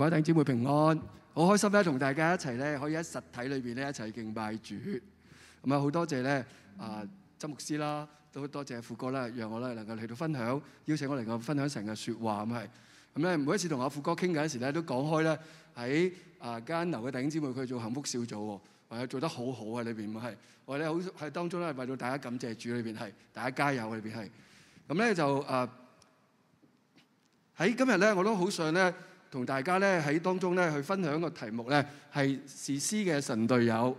各位弟兄姊妹平安，好開心咧，同大家一齊咧，可以喺實體裏邊咧一齊敬拜主。咁啊，好多謝咧啊，曾牧師啦，都好多謝富哥啦，讓我咧能夠嚟到分享，邀請我嚟到分享神嘅說話咁係。咁咧每一次同阿富哥傾緊時咧，都講開咧喺啊加恩樓嘅弟兄姊妹，佢做幸福小組，或者做得好好啊裏邊咁係。我哋好喺當中咧，為到大家感謝主裏邊係，大家加油裏邊係。咁咧就啊喺、呃、今日咧，我都好想咧。同大家咧喺當中咧去分享個題目咧係士師嘅神隊友。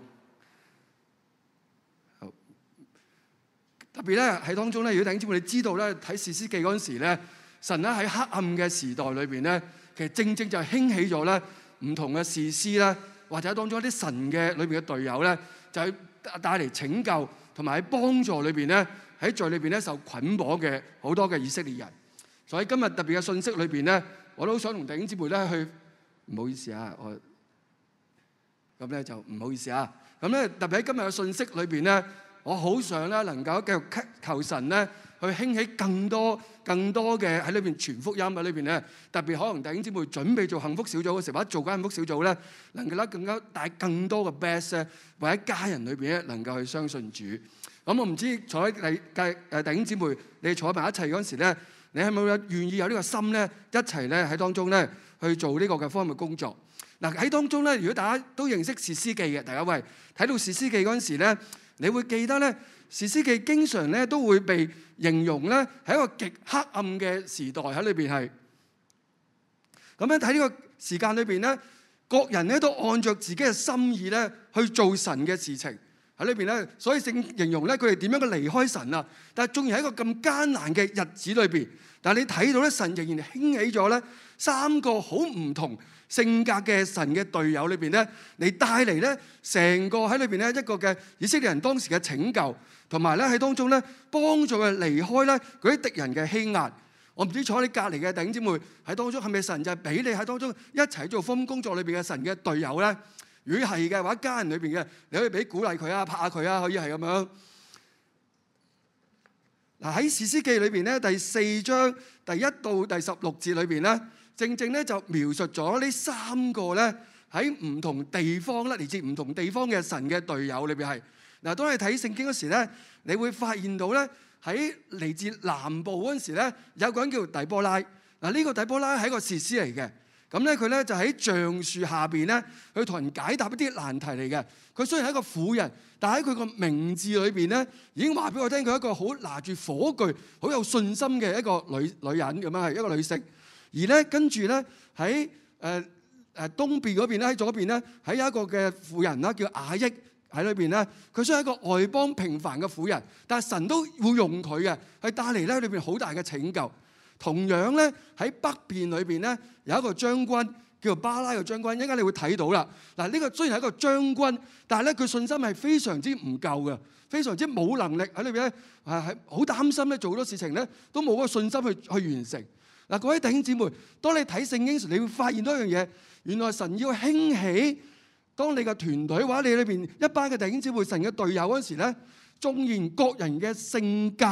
特別咧喺當中咧，如果頂尖，你知道咧睇《士師記》嗰陣時咧，神咧喺黑暗嘅時代裏邊咧，其實正正就興起咗咧唔同嘅士師咧，或者當中一啲神嘅裏邊嘅隊友咧，就去帶嚟拯救同埋喺幫助裏邊咧喺罪裏邊咧受捆綁嘅好多嘅以色列人。所以今日特別嘅信息裏邊咧。我都想同弟兄姊妹咧去，唔好意思啊，我咁咧就唔好意思啊。咁咧特別喺今日嘅信息裏邊咧，我好想咧能夠繼續求神咧，去興起更多更多嘅喺裏邊傳福音喺裏邊咧。特別可能弟兄姊妹準備做幸福小組嘅時候，或者做緊幸福小組咧，能夠咧更加帶更多嘅 best 咧，或者家人裏邊咧能夠去相信主。咁我唔知坐喺第第誒弟兄姊妹，你坐埋一齊嗰陣時咧。你係咪有願意有呢個心咧？一齊咧喺當中咧去做呢個嘅方面工作。嗱喺當中咧，如果大家都認識士師記嘅，大家喂睇到士師記嗰陣時咧，你會記得咧，士師記經常咧都會被形容咧係一個極黑暗嘅時代喺裏邊係。咁樣睇呢個時間裏邊咧，各人咧都按著自己嘅心意咧去做神嘅事情。喺裏邊咧，所以聖經形容咧，佢哋點樣嘅離開神啊？但係縱然喺一個咁艱難嘅日子裏邊，但係你睇到咧，神仍然興起咗咧，三個好唔同性格嘅神嘅隊友裏邊咧，你帶嚟咧，成個喺裏邊咧一個嘅以色列人當時嘅拯救，同埋咧喺當中咧幫助佢離開咧嗰啲敵人嘅欺壓。我唔知坐喺你隔籬嘅弟兄姊妹喺當中係咪神就係俾你喺當中一齊做份工作裏邊嘅神嘅隊友咧？如果係嘅，或者家人裏邊嘅，你可以俾鼓勵佢啊，拍下佢啊，可以係咁樣。嗱喺士師記裏邊咧，第四章第一到第十六節裏邊咧，正正咧就描述咗呢三個咧喺唔同地方咧，嚟自唔同地方嘅神嘅隊友裏邊係。嗱，當你睇聖經嗰時咧，你會發現到咧喺嚟自南部嗰時咧，有一個人叫底波拉。嗱、這、呢個底波拉係一個士師嚟嘅。咁咧佢咧就喺橡樹下面咧，去同人解答一啲難題嚟嘅。佢雖然係一個婦人，但喺佢個名字裏面咧，已經話俾我聽，佢係一個好拿住火炬、好有信心嘅一個女女人，咁樣係一個女性。而咧跟住咧喺誒誒東邊嗰邊咧，喺左邊咧，喺有一個嘅婦人啦叫雅億。喺裏面咧，佢雖然係一個外邦平凡嘅婦人，但神都會用佢嘅，係帶嚟咧裏面好大嘅拯救。同樣咧喺北邊裏邊咧有一個將軍叫做巴拉嘅將軍，一陣間你會睇到啦。嗱、這、呢個雖然係一個將軍，但係咧佢信心係非常之唔夠嘅，非常之冇能力喺裏邊，係係好擔心咧做好多事情咧都冇嗰個信心去去完成。嗱各位弟兄姊妹，當你睇聖經時，你會發現多一樣嘢，原來神要興起，當你嘅團隊話你裏邊一班嘅弟兄姊妹，神嘅隊友嗰陣時咧，縱然各人嘅性格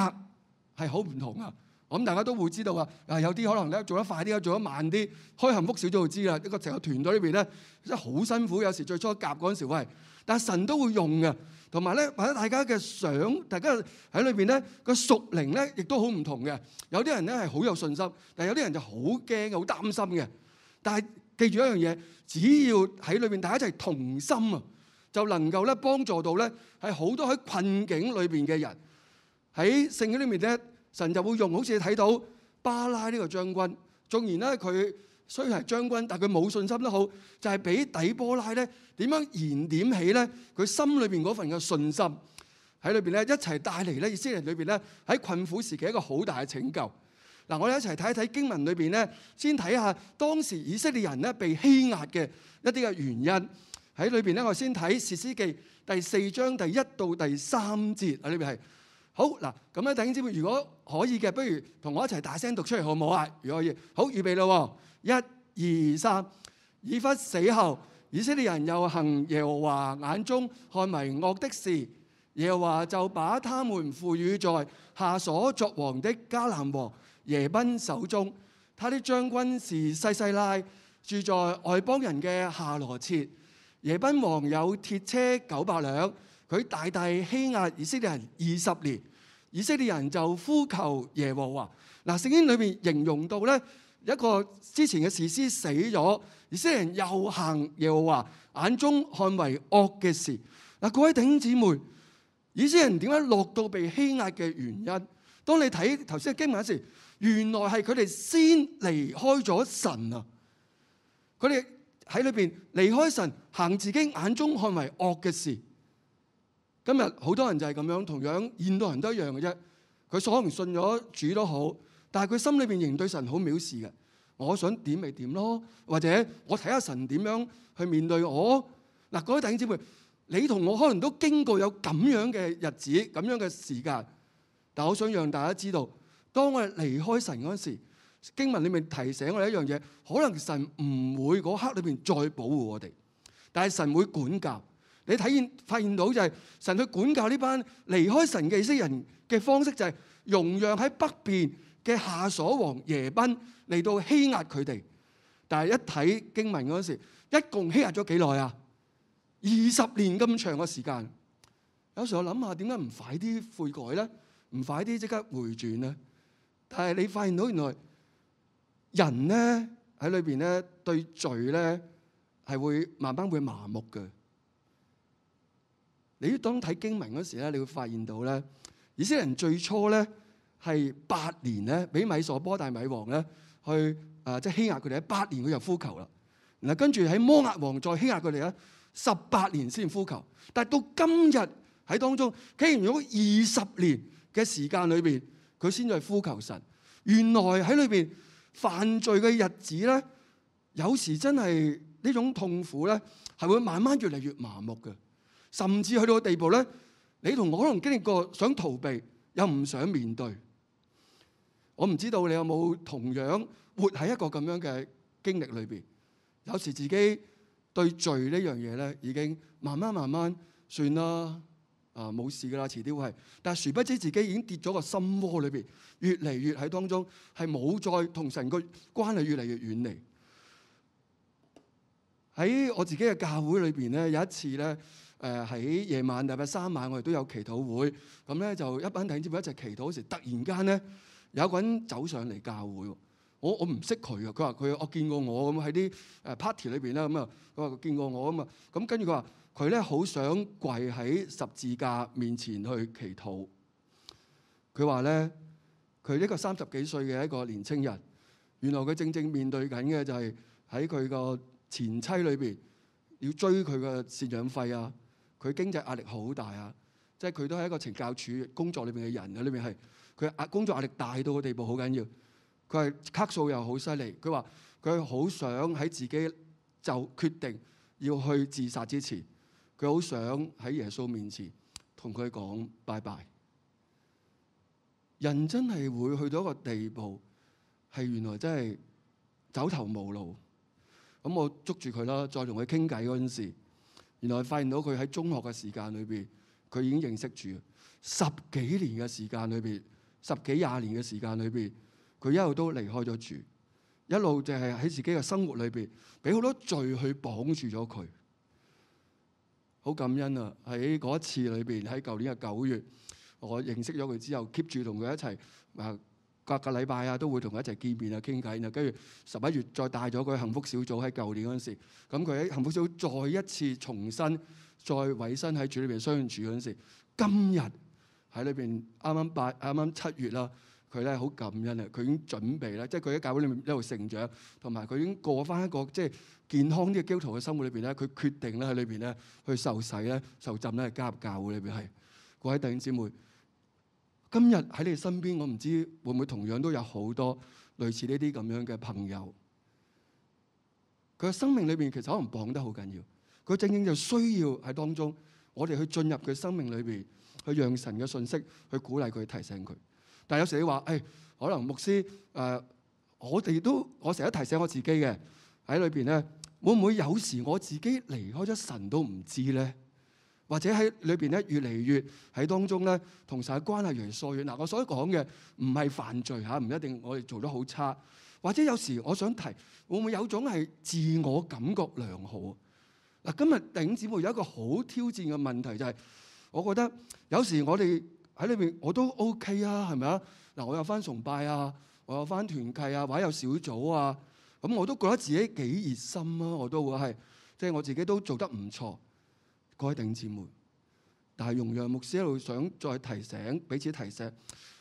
係好唔同啊。咁大家都會知道啊，有啲可能咧做得快啲，做得慢啲，開幸福小組就知啦。一個成個團隊裏邊咧，真係好辛苦。有時最初夾嗰陣時，喂，但係神都會用嘅。同埋咧，或者大家嘅想，大家喺裏邊咧個屬靈咧，亦都好唔同嘅。有啲人咧係好有信心，但係有啲人就好驚好擔心嘅。但係記住一樣嘢，只要喺裏邊大家一齊同心啊，就能夠咧幫助到咧係好多喺困境裏邊嘅人喺聖經裏面咧。神就會用，好似你睇到巴拉呢個將軍，縱然咧佢雖然係將軍，但佢冇信心都好，就係、是、俾底波拉咧點樣燃點起咧佢心裏面嗰份嘅信心喺裏面咧，一齊帶嚟咧以色列人裏面咧喺困苦時期一個好大嘅拯救。嗱，我哋一齊睇一睇經文裏面咧，先睇下當時以色列人咧被欺壓嘅一啲嘅原因喺裏面咧，我先睇士師記第四章第一到第三節喺裏邊係。好嗱，咁樣，弟兄姊妹，如果可以嘅，不如同我一齊大聲讀出嚟，好唔好啊？如果可以，好，預備咯，一、二、三。以笏死後，以色列人又行耶和華眼中看為惡的事，耶和華就把他們付與在夏瑣作王的迦南王耶賓手中。他的將軍是西西拉，住在外邦人嘅夏羅設。耶賓王有鐵車九百輛，佢大大欺壓以色列人二十年。以色列人就呼求耶和華。嗱，聖經裏面形容到咧，一個之前嘅士師死咗，以色列人又行耶和華眼中看為惡嘅事。嗱，各位弟兄姊妹，以色列人點解落到被欺壓嘅原因？當你睇頭先嘅經文時，原來係佢哋先離開咗神啊！佢哋喺裏邊離開神，行自己眼中看為惡嘅事。今日好多人就係咁樣，同樣現代人都一樣嘅啫。佢可能信咗主都好，但係佢心裏邊仍對神好藐視嘅。我想點咪點咯，或者我睇下神點樣去面對我。嗱，各位弟兄姊妹，你同我可能都經過有咁樣嘅日子、咁樣嘅時間，但係我想讓大家知道，當我哋離開神嗰時，經文裏面提醒我哋一樣嘢，可能神唔會嗰刻裏邊再保護我哋，但係神會管教。你體現發現到就係神去管教呢班離開神嘅以色列人嘅方式，就係容讓喺北邊嘅夏瑣王耶賓嚟到欺壓佢哋。但係一睇經文嗰陣時，一共欺壓咗幾耐啊？二十年咁長嘅時間。有時我諗下點解唔快啲悔改咧？唔快啲即刻回轉咧？但係你發現到原來人咧，喺裏邊咧，對罪咧係會慢慢會麻木嘅。你當睇經文嗰時咧，你會發現到咧，以色列人最初咧係八年咧，俾米索波大米王咧去啊，即係欺壓佢哋，八年佢就呼求啦。然後跟住喺摩押王再欺壓佢哋咧，十八年先呼求。但係到今日喺當中，竟然用二十年嘅時間裏邊，佢先至呼求神。原來喺裏邊犯罪嘅日子咧，有時真係呢種痛苦咧，係會慢慢越嚟越麻木嘅。甚至去到個地步咧，你同我可能經歷過想逃避，又唔想面對。我唔知道你有冇同樣活喺一個咁樣嘅經歷裏邊。有時自己對罪這件事呢樣嘢咧，已經慢慢慢慢算啦，啊冇事噶啦，遲啲會係。但係殊不知自己已經跌咗個心窩裏邊，越嚟越喺當中係冇再同神個關係越嚟越遠離。喺我自己嘅教會裏邊咧，有一次咧。誒喺夜晚禮拜三晚，我哋都有祈禱會。咁咧就一班弟兄姊妹一齊祈禱嗰時，突然間咧有一個人走上嚟教會。我我唔識佢嘅，佢話佢我見過我咁喺啲誒 party 裏邊啦。咁啊，佢話佢見過我咁啊。咁跟住佢話佢咧好想跪喺十字架面前去祈禱。佢話咧佢呢個三十幾歲嘅一個年青人，原來佢正正面對緊嘅就係喺佢個前妻裏邊要追佢嘅贍養費啊！佢經濟壓力好大啊！即係佢都係一個懲教處工作裏面嘅人，啊。裏面係佢壓工作壓力大到個地步，好緊要。佢係卡數又好犀利。佢話佢好想喺自己就決定要去自殺之前，佢好想喺耶穌面前同佢講拜拜。人真係會去到一個地步，係原來真係走投無路。咁我捉住佢啦，再同佢傾偈嗰陣時。原來發現到佢喺中學嘅時間裏邊，佢已經認識住了，十幾年嘅時間裏邊，十幾廿年嘅時間裏邊，佢一路都離開咗住，一路就係喺自己嘅生活裏邊，俾好多罪去綁住咗佢。好感恩啊！喺嗰一次裏邊，喺舊年嘅九月，我認識咗佢之後，keep 住同佢一齊啊。各個禮拜啊，都會同佢一齊見面啊、傾偈啊，跟住十一月再帶咗佢幸福小組喺舊年嗰陣時，咁佢喺幸福小組再一次重新再委身喺主裏邊相處嗰陣時，今日喺裏邊啱啱八啱啱七月啦，佢咧好感恩啊！佢已經準備咧，即係佢喺教會裏面一路成長，同埋佢已經過翻一個即係、就是、健康啲嘅基督徒嘅生活裏邊咧，佢決定咧喺裏邊咧去受洗咧、受浸咧，係加入教會裏邊係各位弟兄姊妹。今日喺你身邊，我唔知會唔會同樣都有好多類似呢啲咁樣嘅朋友。佢嘅生命裏邊其實可能綁得好緊要，佢正正就需要喺當中，我哋去進入佢生命裏邊，去讓神嘅信息去鼓勵佢、提醒佢。但係有時你話，誒、哎、可能牧師誒、呃，我哋都我成日提醒我自己嘅喺裏邊咧，會唔會有時我自己離開咗神都唔知咧？或者喺裏邊咧，越嚟越喺當中咧，同晒嘅關係越嚟疏遠。嗱，我所講嘅唔係犯罪嚇，唔一定我哋做得好差。或者有時我想提，會唔會有種係自我感覺良好？嗱，今日第五姊妹有一個好挑戰嘅問題就係、是，我覺得有時我哋喺裏邊我都 OK 啊，係咪啊？嗱，我有翻崇拜啊，我有翻團契啊，或者有小組啊，咁我都覺得自己幾熱心咯、啊，我都會係，即係我自己都做得唔錯。各位弟兄姊妹，但係容讓牧師一路想再提醒彼此，提醒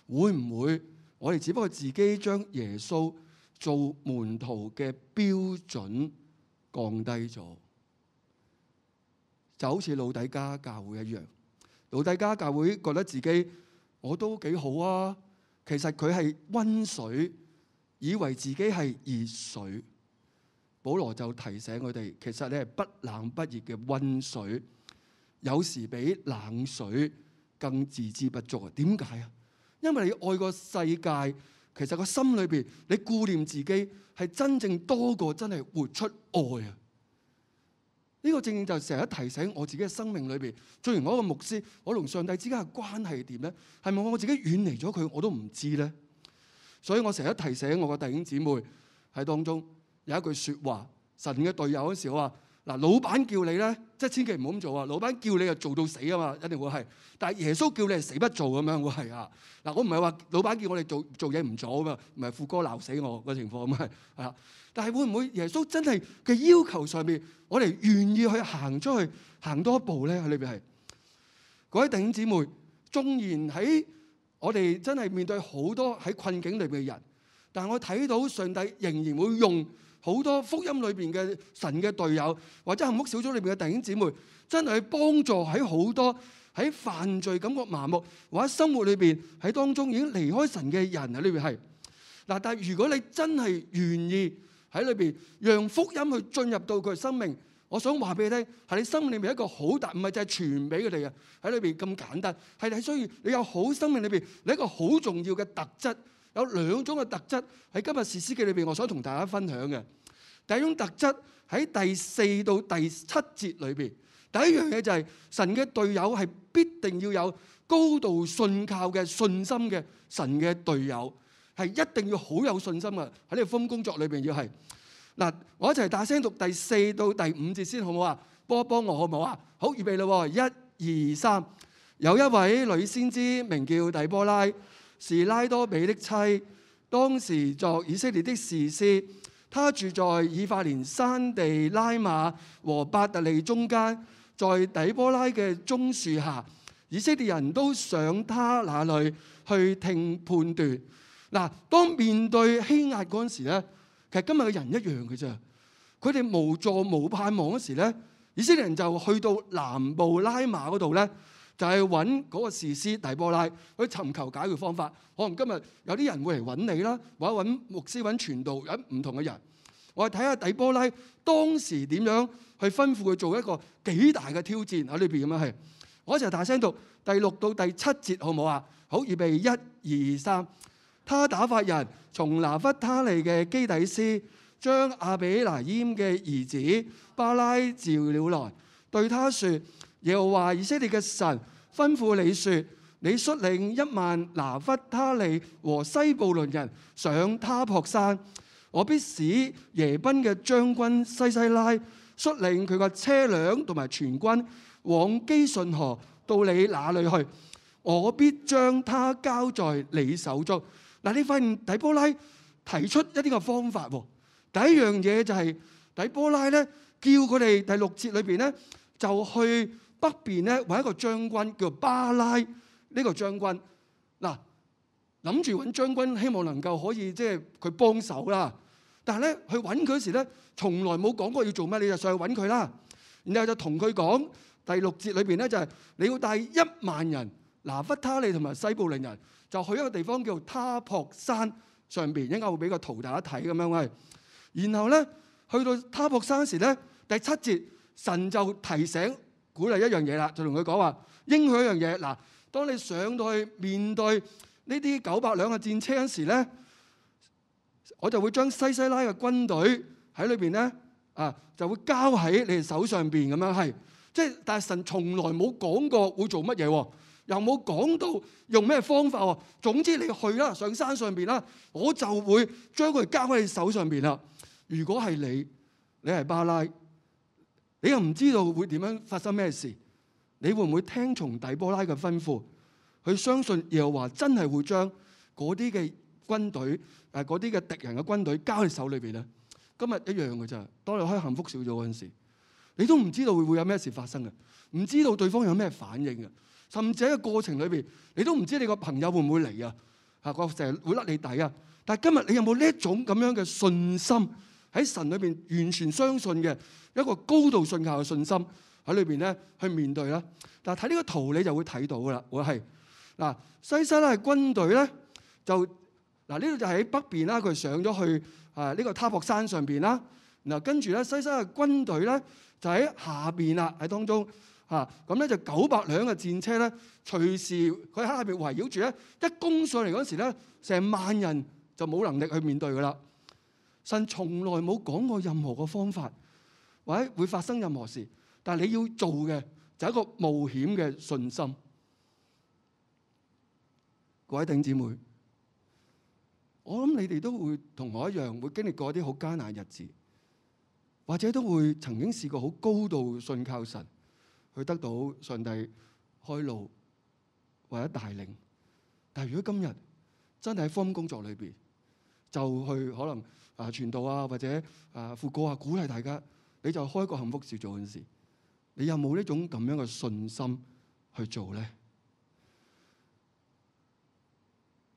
會唔會我哋只不過自己將耶穌做門徒嘅標準降低咗，就好似老底加教會一樣。老底加教會覺得自己我都幾好啊，其實佢係溫水，以為自己係熱水。保羅就提醒我哋，其實你係不冷不熱嘅溫水。有時比冷水更自知不足啊？點解啊？因為你愛個世界，其實個心裏邊你顧念自己係真正多過真係活出愛啊！呢個正正就成日提醒我自己嘅生命裏邊，做完我一個牧師，我同上帝之間嘅關係點咧？係咪我自己遠離咗佢？我都唔知咧。所以我成日提醒我嘅弟兄姊妹喺當中有一句說話：神嘅隊友嗰時話。嗱，老闆叫你咧，即係千祈唔好咁做啊！老闆叫你就做到死啊嘛，一定會係。但係耶穌叫你係死不做咁樣，會係啊！嗱，我唔係話老闆叫我哋做做嘢唔做啊嘛，唔係富哥鬧死我個情況咁係係啦。但係會唔會耶穌真係嘅要求上面，我哋願意去行出去行多一步咧？喺裏邊係，各位弟兄姊妹，縱然喺我哋真係面對好多喺困境裏邊嘅人，但係我睇到上帝仍然會用。好多福音裏面嘅神嘅隊友，或者幸福小組裏面嘅弟兄姊妹，真係去幫助喺好多喺犯罪、感覺麻木或者生活裏面，喺當中已經離開神嘅人喺裏面係。嗱，但係如果你真係願意喺裏面讓福音去進入到佢嘅生命，我想話俾你聽，係你生命裏面一個好大，唔係就係傳俾佢哋嘅喺裏邊咁簡單，係你需要你有好生命裏面，你一個好重要嘅特質。有兩種嘅特質喺今日士師記裏邊，我想同大家分享嘅第一種特質喺第四到第七節裏邊。第一樣嘢就係神嘅隊友係必定要有高度信靠嘅信心嘅。神嘅隊友係一定要好有信心啊喺呢個封工作裏邊要係嗱，我一齊大聲讀第四到第五節先好唔好啊？幫一幫我好唔好啊？好預備咯，一、二、三。有一位女先知名叫底波拉。是拉多比的妻，當時作以色列的士師，他住在以法蓮山地拉瑪和伯特利中間，在底波拉嘅棕樹下，以色列人都上他那裏去聽判斷。嗱，當面對欺壓嗰陣時咧，其實今日嘅人一樣嘅啫，佢哋無助無盼望嗰時咧，以色列人就去到南部拉瑪嗰度咧。就係揾嗰個士師底波拉去尋求解決方法。可能今日有啲人會嚟揾你啦，或者揾牧師、揾傳道、有唔同嘅人。我哋睇下底波拉當時點樣去吩咐佢做一個幾大嘅挑戰喺呢邊咁樣？係，我一齊大聲讀第六到第七節好唔好啊？好，預備一二三。他打發人從拿弗他利嘅基低斯將亞比挪菴嘅兒子巴拉召了來，對他說。又話以色列嘅神吩咐你說：你率領一萬拿弗他利和西布倫人上他泊山，我必使耶賓嘅將軍西西拉率領佢嘅車輛同埋全軍往基順河到你那裏去，我必將他交在你手中。嗱，你發現底波拉提出一啲嘅方法。第一樣嘢就係底波拉咧，叫佢哋第六節裏邊咧就去。北邊咧，揾一個將軍叫巴拉。呢個將軍嗱，諗住揾將軍，希望能夠可以即係佢幫手啦。但係咧，去揾佢嗰時咧，從來冇講過要做咩，你就上去揾佢啦。然後就同佢講第六節裏邊咧就係、是、你要帶一萬人拿弗他利同埋西布倫人就去一個地方叫他泊山上邊，會會一陣會俾個圖大家睇咁樣嘅。然後咧去到他泊山時咧，第七節神就提醒。鼓勵一樣嘢啦，就同佢講話應許一樣嘢。嗱，當你上到去面對呢啲九百輛嘅戰車嗰時咧，我就會將西西拉嘅軍隊喺裏邊咧啊，就會交喺你哋手上邊咁樣係。即係但係神從來冇講過會做乜嘢，又冇講到用咩方法。總之你去啦，上山上邊啦，我就會將佢交喺你手上邊啦。如果係你，你係巴拉。你又唔知道會點樣發生咩事？你會唔會聽從底波拉嘅吩咐？去相信耶和華真係會將嗰啲嘅軍隊誒嗰啲嘅敵人嘅軍隊交喺手裏邊咧？今日一樣嘅咋，當你開幸福小組嗰陣時，你都唔知道會會有咩事發生嘅，唔知道對方有咩反應嘅，甚至喺個過程裏邊，你都唔知道你個朋友會唔會嚟啊？啊，個成日會甩你底啊！但係今日你有冇呢一種咁樣嘅信心？喺神裏邊完全相信嘅一個高度信教嘅信心喺裏邊咧去面對咧。嗱，睇呢個圖你就會睇到噶啦，會係嗱，西西拉軍隊咧就，嗱呢度就喺北邊啦，佢上咗去啊呢個他泊山上邊啦。嗱，跟住咧西西拉軍隊咧就喺下邊啦，喺當中嚇，咁咧就九百輛嘅戰車咧，隨時佢喺下邊圍繞住咧，一攻上嚟嗰時咧成萬人就冇能力去面對噶啦。神從來冇講過任何嘅方法，或者會發生任何事。但係你要做嘅就係一個冒險嘅信心，各位弟兄姊妹，我諗你哋都會同我一樣，會經歷過啲好艱難日子，或者都會曾經試過好高度信靠神，去得到上帝開路或者帶領。但係如果今日真係喺福音工作裏邊，就去可能。啊！傳道啊，或者啊副歌啊，鼓勵大家，你就開個幸福小組嗰時，你有冇呢種咁樣嘅信心去做咧？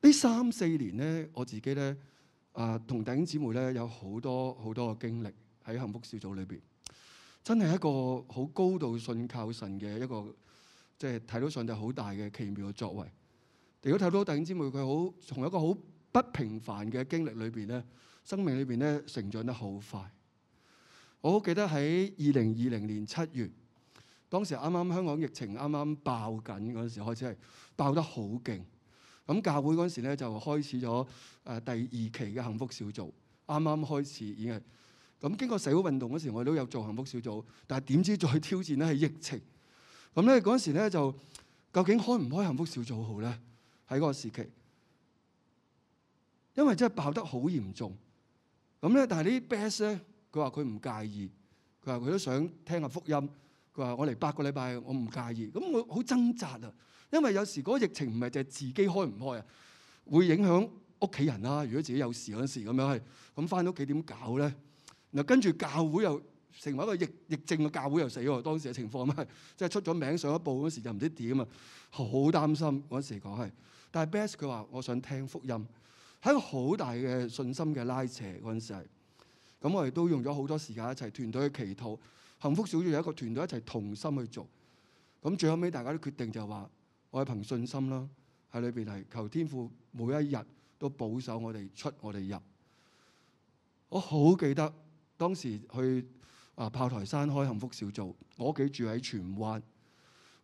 呢三四年咧，我自己咧啊，同弟兄姊妹咧有好多好多嘅經歷喺幸福小組裏邊，真係一個好高度信靠神嘅一個，即係睇到上帝好大嘅奇妙嘅作為。如果睇到弟兄姊妹佢好從一個好不平凡嘅經歷裏邊咧。生命裏邊咧成長得好快，我好記得喺二零二零年七月，當時啱啱香港疫情啱啱爆緊嗰陣時，開始係爆得好勁。咁教會嗰陣時咧就開始咗誒第二期嘅幸福小組，啱啱開始已經係。咁經過社會運動嗰時，我都有做幸福小組，但係點知再挑戰咧係疫情。咁咧嗰陣時咧就究竟開唔開幸福小組好咧？喺嗰個時期，因為真係爆得好嚴重。咁咧，但係啲 Bass 咧，佢話佢唔介意，佢話佢都想聽下福音。佢話我嚟八個禮拜，我唔介意。咁我好掙扎啊，因為有時嗰個疫情唔係淨係自己開唔開啊，會影響屋企人啦、啊。如果自己有事嗰時咁樣，咁返到屋企點搞咧？嗱，然後跟住教會又成為一個疫疫症嘅教會又死喎。當時嘅情況咪即係出咗名上一步嗰時就唔知點啊，好擔心嗰時講係。但係 Bass 佢話我想聽福音。喺個好大嘅信心嘅拉扯嗰陣時，咁我哋都用咗好多時間一齊團隊去祈禱，幸福小組有一個團隊一齊同心去做，咁最後尾大家都決定就話，我係憑信心啦，喺裏邊係求天父每一日都保守我哋出我哋入。我好記得當時去啊炮台山開幸福小組，我屋企住喺荃灣，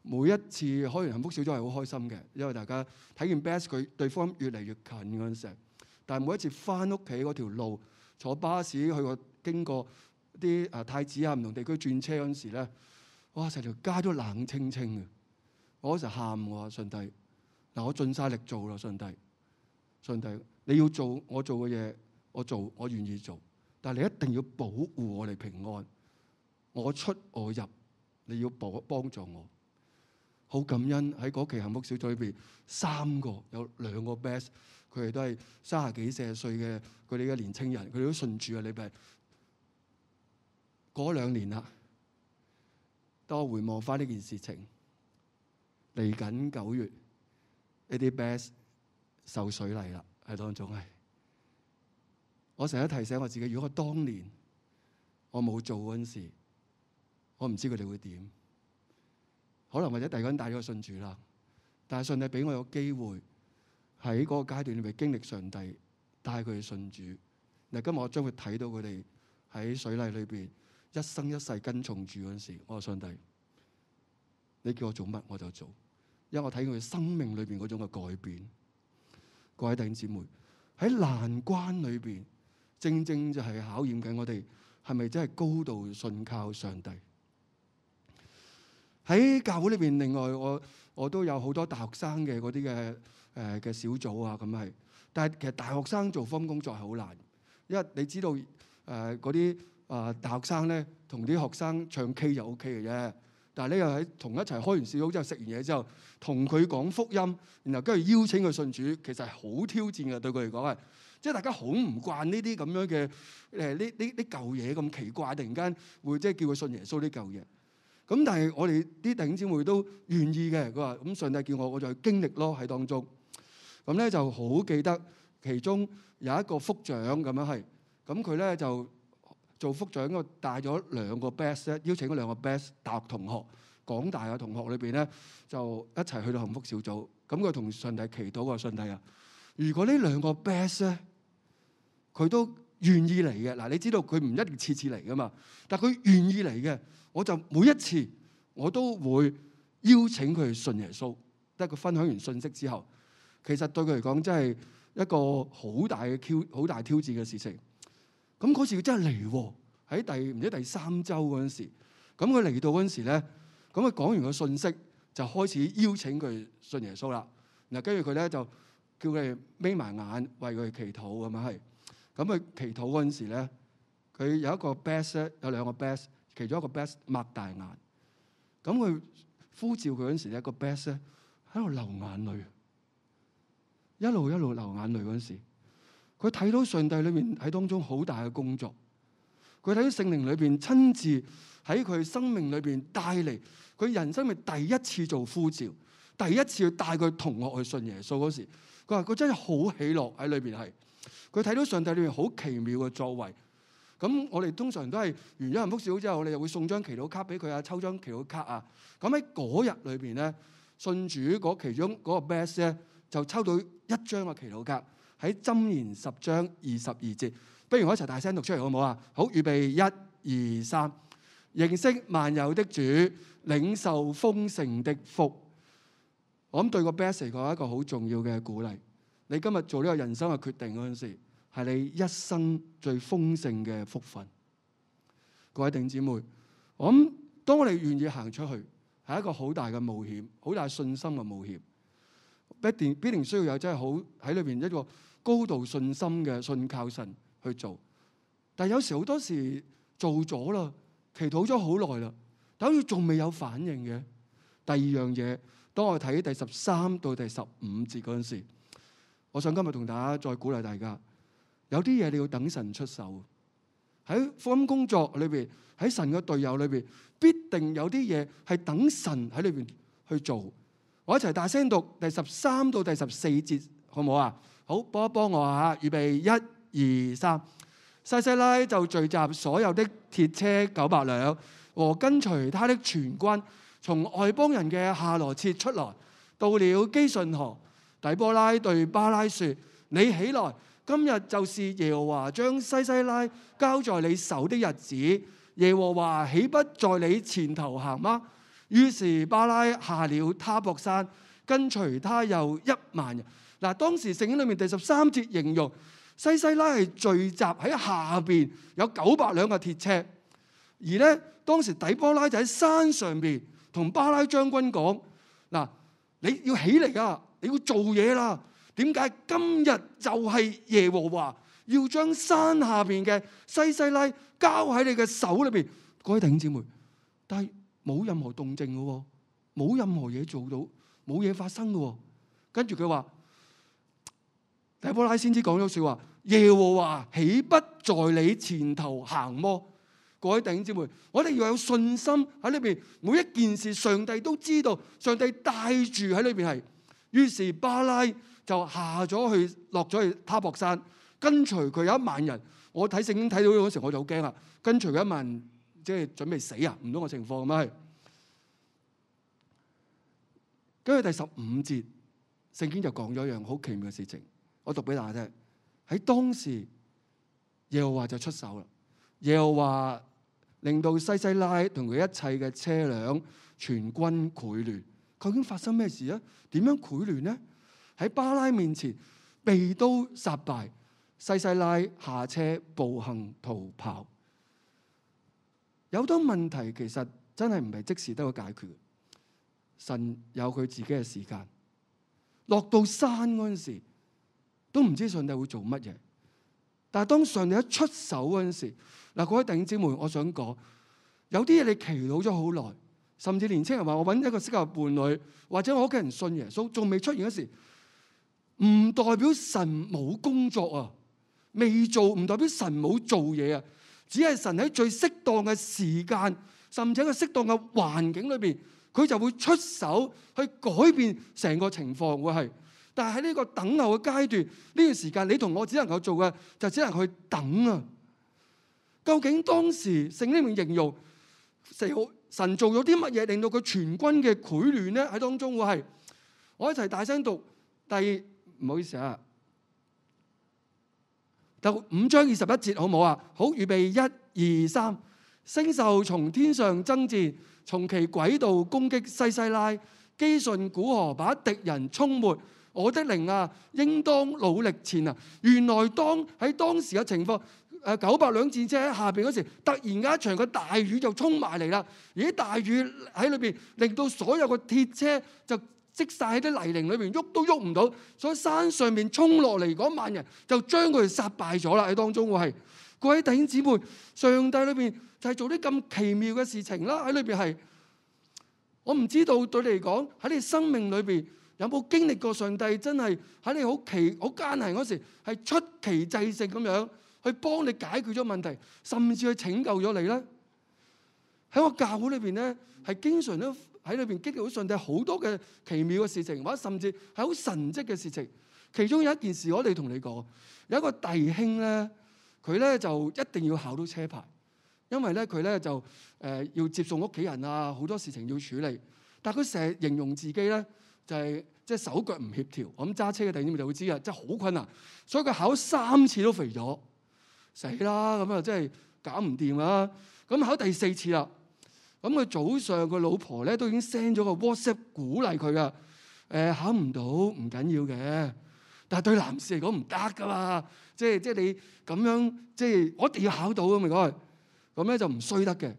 每一次開完幸福小組係好開心嘅，因為大家睇見 best 佢對方越嚟越近嗰陣時。但係每一次翻屋企嗰條路，坐巴士去過經過啲誒太子啊唔同的地區轉車嗰陣時咧，哇成條街都冷清清嘅，我嗰時喊，我話上帝，嗱，我盡晒力做啦上帝，上帝你要做我做嘅嘢，我做我願意做，但係你一定要保護我哋平安，我出我入你要幫，幫助我，好感恩喺嗰期幸福小組裏邊三個有兩個 best。佢哋都係三十幾四十歲嘅，佢哋嘅年青人，佢哋都信主啊！你咪嗰兩年啦，當我回望翻呢件事情，嚟緊九月一啲 best 受水禮啦，係當中係。我成日提醒我自己，如果我當年我冇做嗰陣時，我唔知佢哋會點，可能或者第二人帶個人帶咗信主啦，但係信主俾我有機會。喺嗰個階段，裏邊經歷上帝帶佢去信主。嗱，今日我將會睇到佢哋喺水禮裏邊一生一世跟從住嗰陣時，我話上帝，你叫我做乜我就做，因為我睇到佢生命裏邊嗰種嘅改變。各位弟兄姊妹，喺難關裏邊，正正就係考驗緊我哋係咪真係高度信靠上帝。喺教會裏邊，另外我我都有好多大學生嘅嗰啲嘅。誒嘅小組啊，咁係，但係其實大學生做分工作係好難，因為你知道誒嗰啲啊大學生咧，同啲學生唱 K 就 O K 嘅啫，但係呢個喺同一齊開完小組之後食完嘢之後，同佢講福音，然後跟住邀請佢信主，其實係好挑戰嘅，對佢嚟講係，即係大家好唔慣呢啲咁樣嘅誒呢呢呢舊嘢咁奇怪，突然間會即係叫佢信耶穌呢舊嘢，咁但係我哋啲頂姊妹都願意嘅，佢話咁上帝叫我，我就去經歷咯喺當中。咁咧就好記得，其中有一個福長咁樣係，咁佢咧就做福長嗰帶咗兩個 best，邀請咗兩個 best 大學同學，廣大嘅同學裏邊咧，就一齊去到幸福小組。咁佢同上帝祈禱話：上帝啊，如果呢兩個 best 咧，佢都願意嚟嘅，嗱你知道佢唔一定次次嚟噶嘛，但係佢願意嚟嘅，我就每一次我都會邀請佢去信耶穌。得佢分享完信息之後。其實對佢嚟講，真係一個好大嘅挑好大嘅挑戰嘅事情。咁嗰時佢真係嚟喎，喺第唔知第三週嗰陣時。咁佢嚟到嗰陣時咧，咁佢講完個信息就開始邀請佢信耶穌啦。嗱，跟住佢咧就叫佢眯埋眼為佢祈禱咁樣係。咁佢祈禱嗰陣時咧，佢有一個 best 咧，有兩個 best，其中一個 best 擘大眼。咁佢呼召佢嗰陣時咧，個 best 咧喺度流眼淚。一路一路流眼淚嗰時，佢睇到上帝裏面喺當中好大嘅工作，佢睇到聖靈裏面親自喺佢生命裏邊帶嚟佢人生嘅第一次做呼召，第一次去帶佢同學去信耶穌嗰時，佢話佢真係好喜樂喺裏邊，係，佢睇到上帝裏面好奇妙嘅作為。咁我哋通常都係完咗幸福事之後，我哋就會送張祈禱卡俾佢啊，抽張祈禱卡啊。咁喺嗰日裏邊咧，信主嗰其中嗰個 m e s s a 就抽到一張嘅祈禱格，喺箴言十章二十二節，不如我一齊大聲讀出嚟好唔好啊？好，預備一二三，認識萬有的主，領受豐盛的福。我諗對個 Blessy 講一個好重要嘅鼓勵，你今日做呢個人生嘅決定嗰陣時，係你一生最豐盛嘅福分。各位弟兄姊妹，我諗當我哋願意行出去，係一個好大嘅冒險，好大的信心嘅冒險。必定必定需要有真係好喺裏邊一個高度信心嘅信靠神去做，但做，但係有時好多時做咗啦，祈禱咗好耐啦，但好似仲未有反應嘅。第二樣嘢，當我睇第十三到第十五節嗰陣時，我想今日同大家再鼓勵大家，有啲嘢你要等神出手。喺福音工作裏邊，喺神嘅隊友裏邊，必定有啲嘢係等神喺裏邊去做。.我一齊大聲讀第十三到第十四節，好唔好啊？好，幫一幫我一下，預備一二三。西西拉就聚集所有的鐵車九百輛和跟隨他的全軍，從外邦人嘅夏羅設出來，到了基順河。底波拉對巴拉說：你起來，今日就是耶和華將西西拉交在你手的日子。耶和華豈不在你前頭行嗎？於是巴拉下了他博山，跟隨他有一萬人。嗱，當時聖經裏面第十三節形容西西拉係聚集喺下面，有九百兩個鐵車，而咧當時底波拉就喺山上邊同巴拉將軍講：「嗱，你要起嚟㗎，你要做嘢啦。點解今日就係耶和華要將山下面嘅西西拉交喺你嘅手裏面？」各位弟兄姊妹，但係。冇任何動靜嘅，冇任何嘢做到，冇嘢發生嘅。跟住佢話，底波拉先知講咗說話，耶和華豈不在你前頭行麼？各位弟兄姊妹，我哋要有信心喺裏邊，每一件事上帝都知道，上帝帶住喺裏邊係。於是巴拉就下咗去，落咗去他泊山，跟隨佢有一萬人。我睇聖經睇到嗰時候我就好驚啦，跟隨佢一萬人。即係準備死啊！唔通我情況咁係，跟住第十五節聖經就講咗一樣好奇妙嘅事情，我讀俾大家聽。喺當時，耶和華就出手啦。耶和華令到西西拉同佢一切嘅車輛全軍潰亂。究竟發生咩事啊？點樣潰亂呢？喺巴拉面前被刀殺敗，西西拉下車步行逃跑。有好多問題其實真係唔係即時得到解決，神有佢自己嘅時間。落到山嗰陣時，都唔知上帝會做乜嘢。但係當上帝一出手嗰陣時，嗱各位弟兄姊妹，我想講，有啲嘢你祈禱咗好耐，甚至年青人話我揾一個適合伴侶，或者我屋企人信耶穌，仲未出現嗰時，唔代表神冇工作啊，未做唔代表神冇做嘢啊。只係神喺最適當嘅時間，甚至喺個適當嘅環境裏邊，佢就會出手去改變成個情況。會係，但係喺呢個等候嘅階段，呢段時間你同我只能夠做嘅就只能去等啊。究竟當時聖經裏面形容神做咗啲乜嘢，令到佢全軍嘅潰亂咧喺當中會？會係我一齊大聲讀。第二，唔好意思啊。就五章二十一節好唔好啊？好，預備一二三，星宿從天上爭戰，從其軌道攻擊西西拉，基順古河把敵人沖沒。我的靈啊，應當努力前啊！原來當喺當時嘅情況，九百輛戰車喺下邊嗰時候，突然間一場嘅大雨就沖埋嚟啦。而啲大雨喺裏面令到所有嘅鐵車就～積晒喺啲泥濘裏邊，喐都喐唔到，所以山上面沖落嚟嗰萬人就將佢哋殺敗咗啦。喺當中我係各位弟兄姊妹，上帝裏邊就係做啲咁奇妙嘅事情啦。喺裏邊係我唔知道對你嚟講，喺你生命裏邊有冇經歷過上帝真係喺你好奇好艱難嗰時，係出奇制勝咁樣去幫你解決咗問題，甚至去拯救咗你咧？喺我教會裏邊咧，係經常都。喺裏邊經歷好上帝好多嘅奇妙嘅事情，或者甚至係好神蹟嘅事情。其中有一件事，我哋同你講，有一個弟兄咧，佢咧就一定要考到車牌，因為咧佢咧就誒、呃、要接送屋企人啊，好多事情要處理。但係佢成日形容自己咧就係即係手腳唔協調。咁揸車嘅弟兄就會知啊，真係好困難。所以佢考三次都肥咗，死啦！咁啊真係搞唔掂啦。咁考第四次啦。咁佢早上個老婆咧都已經 send 咗個 WhatsApp 鼓勵佢噶，誒、欸、考唔到唔緊要嘅，但係對男士嚟講唔得噶嘛，即係即係你咁樣，即係我一定要考到吖嘛，咁嚟講，咁咧就唔衰得嘅。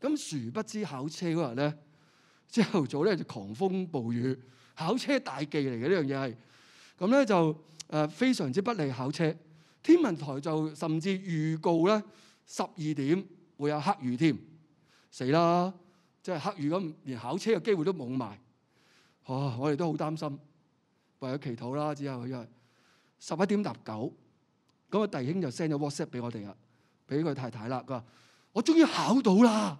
咁殊不知考車嗰日咧，朝頭早咧就狂風暴雨，考車大忌嚟嘅呢樣嘢係，咁咧就誒非常之不利考車。天文台就甚至預告咧十二點會有黑雨添。死啦！即係黑雨咁，連考車嘅機會都冇埋。我哋都好擔心，為佢祈禱啦。之後佢就係十一點搭九，咁阿弟兄就 send 咗 WhatsApp 俾我哋啦，俾佢太太啦。佢話：我終於考到啦！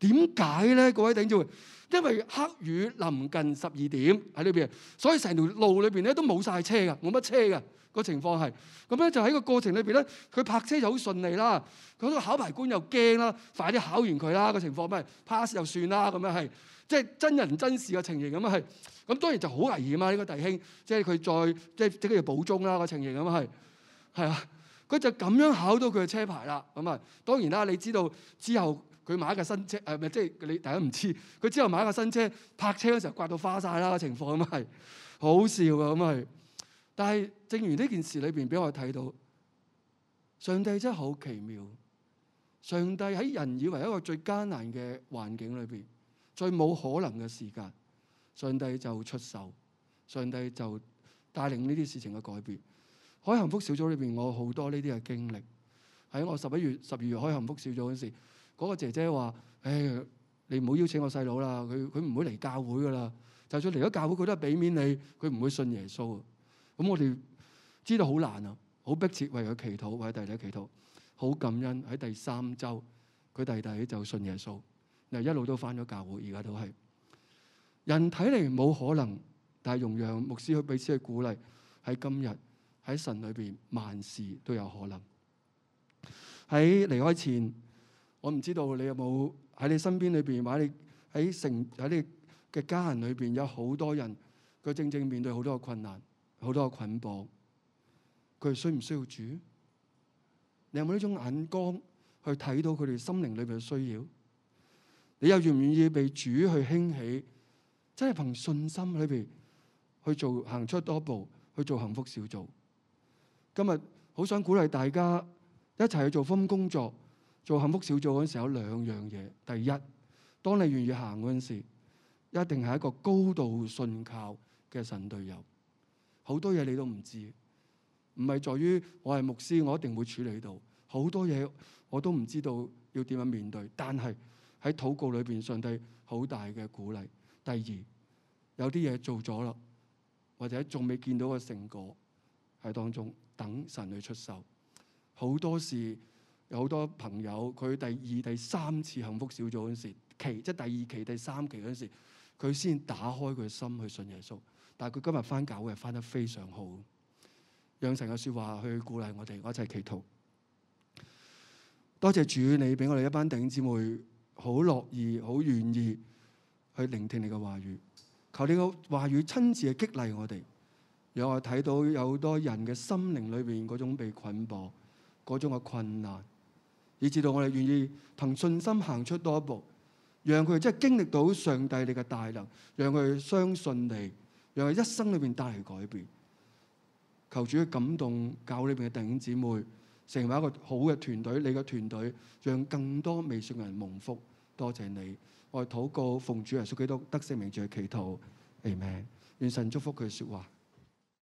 點解咧？各位頂住，因為黑雨臨近十二點喺呢邊，所以成條路裏邊咧都冇晒車㗎，冇乜車㗎。個情況係咁咧，就喺個過程裏邊咧，佢拍車就好順利啦。佢嗰個考牌官又驚啦，快啲考完佢啦，個情況咪 pass 就算啦咁樣係，即係真人真事嘅情形咁係。咁當然就好危險啊！呢個弟兄，即係佢再即係即刻要補鐘啦個情形咁係，係啊，佢就咁樣考到佢嘅車牌啦。咁啊，當然啦，你知道之後佢買架新車咪即係你大家唔知佢之後買架新車拍車嗰時候刮到花晒啦個情況咁係，好笑啊咁係。但係，正如呢件事裏邊，俾我睇到上帝真係好奇妙。上帝喺人以為一個最艱難嘅環境裏邊、最冇可能嘅時間，上帝就出手，上帝就帶領呢啲事情嘅改變。喺幸福小組裏邊，我好多呢啲嘅經歷。喺我十一月、十二月開幸福小組嗰時候，嗰、嗰個姐姐話，誒，你唔好邀請我細佬啦，佢佢唔會嚟教會噶啦。就算嚟咗教會，佢都係俾面你，佢唔會信耶穌。咁我哋知道好難啊，好迫切為佢祈禱，為弟弟祈禱，好感恩喺第三周，佢弟弟就信耶穌，嗱一路都翻咗教會，而家都係人睇嚟，冇可能，但係容讓牧師去彼此去鼓勵，喺今日喺神裏邊萬事都有可能。喺離開前，我唔知道你有冇喺你身邊裏邊，或者喺成喺你嘅家人裏邊，有好多人佢正正面對好多嘅困難。好多嘅捆綁，佢哋需唔需要主？你有冇呢種眼光去睇到佢哋心靈裏面嘅需要？你又願唔願意被主去興起？真係憑信心裏面去做，行出多一步去做幸福小組。今日好想鼓勵大家一齊去做分工作、做幸福小組嗰陣時，有兩樣嘢。第一，當你願意行嗰陣時，一定係一個高度信靠嘅神隊友。好多嘢你都唔知，唔係在於我係牧師，我一定會處理到。好多嘢我都唔知道要點樣面對，但係喺禱告裏邊，上帝好大嘅鼓勵。第二，有啲嘢做咗啦，或者仲未見到個成果喺當中，等神去出手。好多時有好多朋友，佢第二、第三次幸福小組嗰陣時，期即係第二期、第三期嗰陣時，佢先打開佢心去信耶穌。但係佢今日翻教會係翻得非常好，養成嘅說話去鼓勵我哋。我一齊祈禱，多謝主，你俾我哋一班弟兄姊妹好樂意、好願意去聆聽你嘅話語。求你嘅話語親自嘅激勵我哋，讓我哋睇到有好多人嘅心靈裏邊嗰種被捆綁、嗰種嘅困難，以至到我哋願意憑信心行出多一步，讓佢哋即係經歷到上帝你嘅大能，讓佢哋相信你。讓一生裏面帶嚟改變，求主去感動教裏面的弟兄姊妹，成為一個好的團隊，你的團隊讓更多未信人蒙福。多謝你，我哋禱告奉主耶穌基督得勝名住喺祈禱 Amen，願神祝福佢的說話。